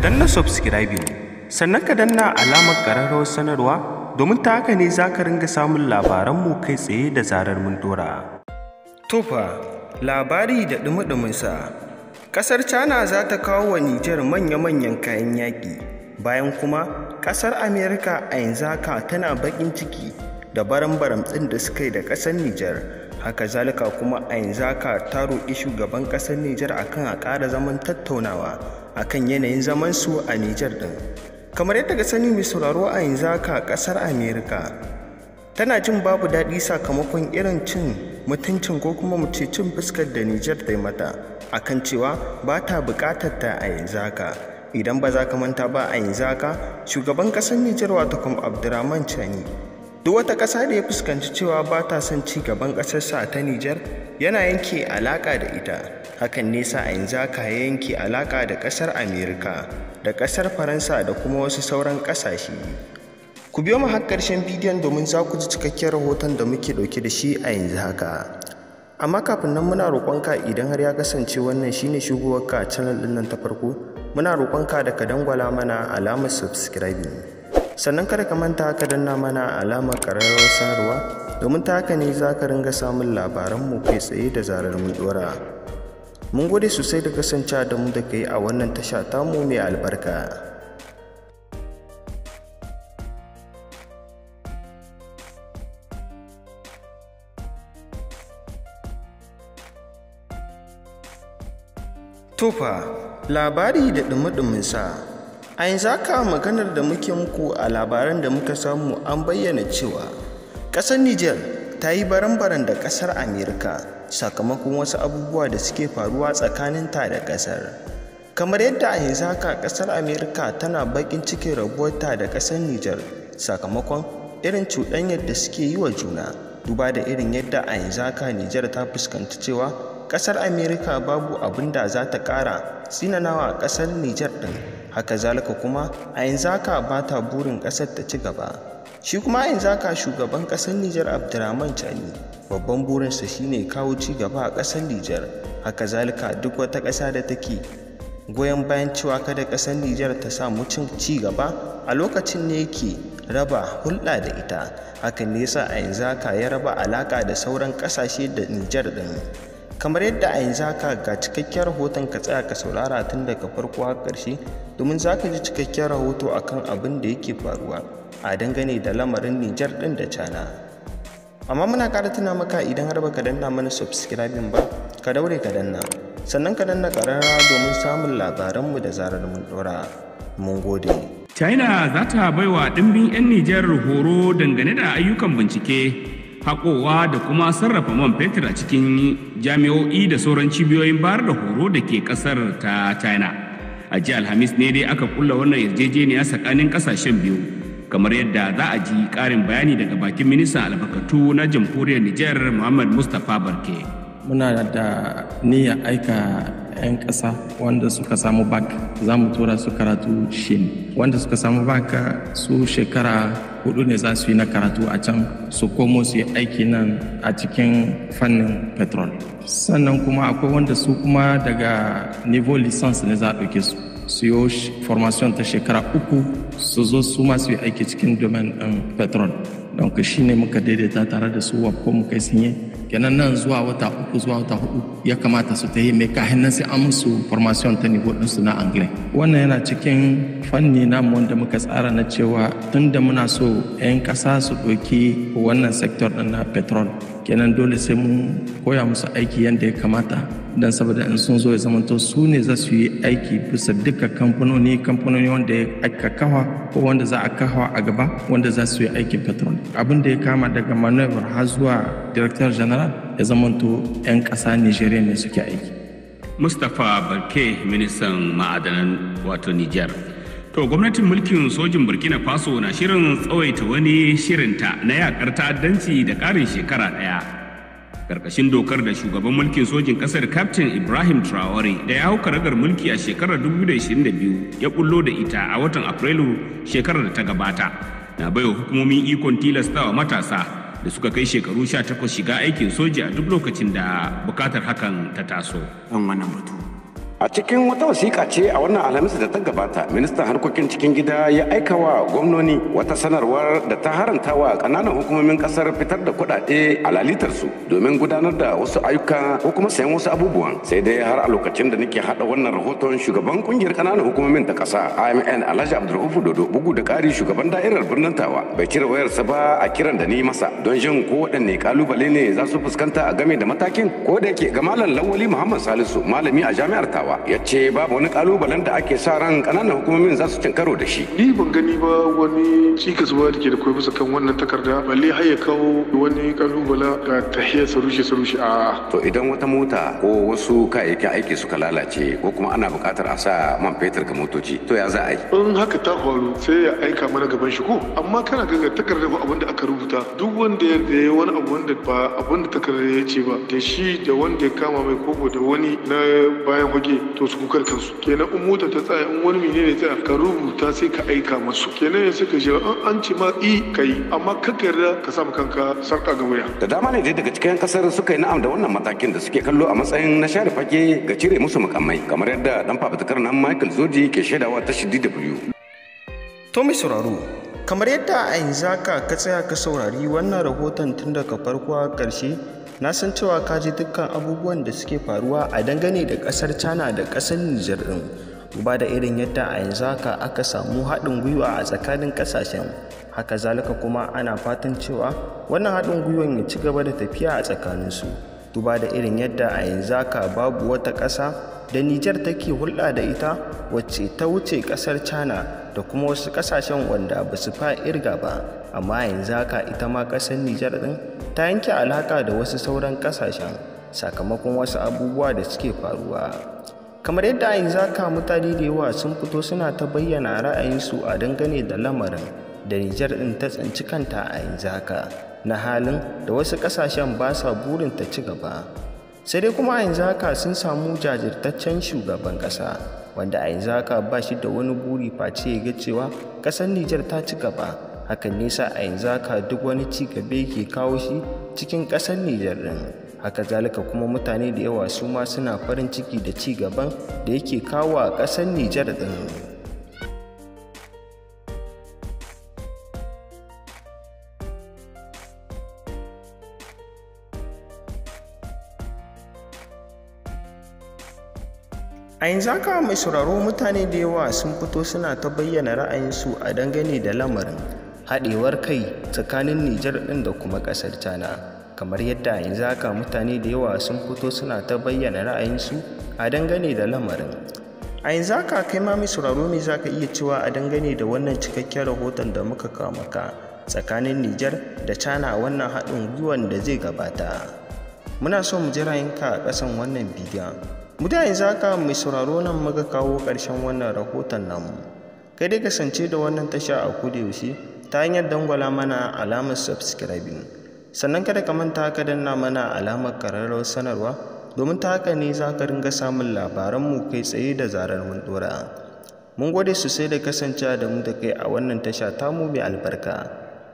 danna subscribing sannan ka danna alamar ƙararrawar sanarwa domin ta haka ne za ka ringa samun labaranmu kai tsaye da zarar mun dora. Tufa labari da ɗumi-ɗuminsa ƙasar China za ta kawo wa Nijar manya-manyan kayan yaƙi bayan kuma ƙasar Amerika a yanzu haka tana baƙin ciki da baram-baram ɗin da suka yi da ƙasar Nijar. haka zalika kuma a yanzu haka ta roƙi shugaban ƙasar Nijar akan a ƙara zaman tattaunawa akan yanayin zamansu a Nijar ɗin. Kamar yadda ga sani mai sauraro a yanzu haka ƙasar Amerika tana jin babu daɗi sakamakon irin cin mutuncin ko kuma mu cin fuskar da Nijar ta mata a kan cewa ba ta buƙatar ta a yanzu haka. Idan ba za ka manta ba a yanzu haka shugaban ƙasar Nijar wato kuma Abdurrahman Chani duk wata ƙasa da ya fuskanci cewa ba ta son ci gaban ƙasarsa ta Nijar yana yanke alaƙa da ita hakan nesa a yanzu aka yanke alaƙa da ƙasar Amerika da ƙasar Faransa da kuma wasu sauran ƙasashe ku biyo mu har ƙarshen bidiyon domin za ku ji cikakken rahoton da muke ɗauke da shi a yanzu haka amma kafin nan muna roƙonka idan har ya kasance wannan shine shigowarka a channel ɗin nan ta farko muna roƙonka da ka dangwala mana alamar subscribing sannan kada ka manta ka danna mana alamar ƙararrawar sanarwa domin ta haka ne za ka ringa samun labaranmu kai tsaye da zarar mun dora mun gode sosai da kasance da mu da kai a wannan tasha mu mai albarka Tufa labari da ɗumi sa a yanzu haka maganar da muke muku a labaran da muka samu an bayyana cewa ƙasar niger ta yi baran-baran da ƙasar amerika sakamakon wasu abubuwa da suke faruwa tsakanin ta da ƙasar kamar yadda a yanzu haka ƙasar amerika tana baƙin cikin ta da ƙasar niger sakamakon irin cuɗanyar da suke yi wa juna duba da irin yadda a yanzu haka niger ta fuskanci cewa ƙasar amerika babu abin da za ta ƙara tsinanawa ƙasar niger ɗin haka zalika kuma a yanzu haka ba ta burin ƙasar ta ci gaba shi kuma a yanzu haka shugaban ƙasar nijar abdurrahman cani babban burinsa shine kawo ci gaba a ƙasar nijar haka zalika duk wata ƙasa da take goyon bayan cewa kada ƙasar nijar ta samu cin ci gaba a lokacin ne yake raba hulɗa da ita hakan ne yasa a yanzu haka ya raba alaƙa da sauran ƙasashe da nijar ɗin kamar yadda a yanzu haka ga cikakkiyar rahoton ka tsaya ka saurara tun daga farko har ƙarshe domin za ka ji cikakken rahoto kan abin da yake faruwa a dangane da lamarin nijar ɗin da cana amma muna ƙara tuna maka idan har baka danna mana subscribing ba ka daure ka danna sannan ka danna ƙarara domin samun labaranmu da zarar mun ɗora mun gode china za ta baiwa ɗimbin 'yan nijar horo dangane da ayyukan bincike haƙowa da kuma sarrafa man fetur a cikin jami'o'i da sauran cibiyoyin bayar da horo da ke ƙasar ta china a jiya alhamis ne dai aka kulla wannan yarjejeniya tsakanin ƙasashen biyu kamar yadda za a ji ƙarin bayani daga bakin ministan albarkatu na jamhuriyar nijar muhammad mustapha barke muna da niyyar aika 'yan ƙasa wanda suka samu bak za mu tura su karatu shin wanda suka samu baka su shekara hudu ne za su yi na karatu a can su komo su yi aiki nan a cikin fannin petrol sannan kuma akwai wanda su kuma daga nivo lisans ne za a ɗauke su su yi formation ta shekara uku su zo su masu yi aiki cikin domin ɗin um, petrol don shi ne muka daidaita tare da su wapko mu kai sinye kenan nan zuwa wata uku zuwa wata hudu ya kamata su ta yi mai kahin nan sai an musu formation ta nivo ɗinsu na angle wannan yana cikin fanni namu wanda muka tsara na cewa tun da muna so 'yan ƙasa su ɗauki wannan sektor ɗin na petrol kenan dole sai mu koya musu aiki yadda ya kamata don saboda in sun zo ya zamanto su ne za su yi aiki bisa duka kamfanoni kamfanoni wanda ya aka kawa ko wanda za a kawa a gaba wanda za su yi aikin petrol abin da ya kama daga manuwar har zuwa director general ya zamanto 'yan ƙasa nigeria ne suke aiki mustapha barke ministan ma'adanan wato niger To gwamnatin mulkin sojin Burkina Faso na shirin tsawaita wani shirinta na yakar ta'addanci da karin shekara ɗaya. karkashin dokar da shugaban mulkin sojin kasar captain ibrahim traore da ya hau karagar mulki a shekarar 2022 ya bullo da ita a watan afrilu shekarar da ta gabata na baiwa hukumomin ikon tilastawa matasa da suka kai shekaru sha 18 shiga aikin soji a duk lokacin da bukatar hakan ta taso. a cikin wata wasiƙa ce a wannan alhamis da ta gabata ministan harkokin cikin gida ya aika wa gwamnoni wata sanarwar da ta haranta wa ƙananan hukumomin ƙasar fitar da kuɗaɗe a su. domin gudanar da wasu ayyuka ko kuma sayan wasu abubuwan sai dai har a lokacin da nake haɗa wannan rahoton shugaban ƙungiyar ƙananan hukumomin ta ƙasa imn alhaji abdulrahufu dodo bugu da ƙari shugaban da'irar birnin tawa bai cire wayarsa ba a kiran da ni masa don jin ko waɗanne kalubale ne za su fuskanta a game da matakin ko da yake ga malam lawali muhammad salisu malami a jami'ar tawa ba ya ce babu wani kalubalen da ake sa ran kananan hukumomin za su cin karo da shi ni ban gani ba wani cikas ba da da koyi bisa kan wannan takarda balle har ya kawo wani kalubala ga tahiyar sarushe sarushe a to idan wata mota ko wasu kayayyakin aiki suka lalace ko kuma ana bukatar a sa man fetur ga motoci to ya za a yi in haka ta faru sai ya aika mana gaban shi ko amma kana ganga takarda ba abin da aka rubuta duk wanda ya da wani abu wanda ba abin da takarda ya ce ba da shi da wanda ya kama mai koko da wani na bayan fage to su kukar kansu kenan in mota ta tsaya in wani ne tsaya ka rubuta sai ka aika masu kenan yanzu suka an an ci ma i kai amma ka yarda ka ma kanka sarka ga wuya da dama ne dai daga cikin kasar suka yi na'am da wannan matakin da suke kallo a matsayin na share fage ga cire musu mukammai kamar yadda dan fafutukar nan Michael Zoji ke shaidawa ta shi dw to mai sauraro kamar yadda a yanzu ka tsaya ka saurari wannan rahoton tun daga farko a ƙarshe na san cewa ka ji dukkan abubuwan da suke faruwa a dangane da ƙasar cana da ƙasar nijar ɗin Ba da irin yadda a yanzu haka aka samu haɗin gwiwa a tsakanin ƙasashen haka zalika kuma ana fatan cewa wannan haɗin gwiwan ya ci gaba da tafiya a tsakaninsu duba da irin yadda a yanzu haka babu wata ƙasa da nijar take hulɗa da ita wacce ta wuce ƙasar china da kuma wasu ƙasashen wanda ba su fa irga ba amma yanzu haka ita ma ƙasar nijar ɗin ta yanke alaƙa da wasu sauran ƙasashen sakamakon wasu abubuwa da suke faruwa kamar yadda a yanzu ka mutane da yawa sun fito suna ta bayyana ra'ayinsu a dangane da lamarin da nijar din ta tsinci kanta a yanzu haka na halin da wasu ƙasashen ba sa burin ta ci gaba sai dai kuma a yanzu haka sun samu jajirtaccen shugaban ƙasa wanda a yanzu haka ba shi da wani buri face ya ga cewa ƙasar nijar ta ci gaba hakan nisa a yanzu haka duk wani ci gaba yake kawo shi cikin ƙasar Nijar ɗin haka zalika kuma mutane da yawa su ma suna farin ciki da ci gaban da yake kawo a ƙasar Nijar ɗin. a yanzu haka mai sauraro mutane da yawa sun fito suna ta bayyana ra'ayinsu a dangane da lamarin haɗewar kai tsakanin Nijar ɗin da kuma ƙasar cana Kamar yadda yanzu haka mutane da yawa sun fito suna ta bayyana ra'ayinsu a dangane da lamarin. A yanzu haka kai ma mai sauraro mai za ka iya cewa a dangane da wannan cikakken rahoton da muka kawo maka tsakanin Nijar da cana wannan haɗin gwiwan da zai gabata. Muna so mu ji ra'ayinka a ƙasan wannan bidiyon. da yanzu haka mai sauraro nan muka kawo ƙarshen wannan rahoton namu. Kai dai kasance da wannan tasha a yaushe? ta hanyar dangwala mana alamar subscribing sannan kada ka manta ka danna mana alamar ƙararrawar sanarwa domin ta haka ne za ka ringa samun labaran mu kai tsaye da zarar mun ɗora mun gode sosai da kasancewa da mu da kai a wannan tasha tamu mai albarka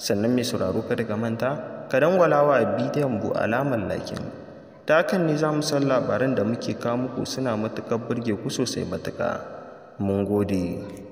sannan mai sauraro kada ka manta ka dangwala wa bidiyon bu alamar lakin ta hakan ne za mu san labaran da muke kawo muku suna matuƙar burge ku sosai matuƙa mun gode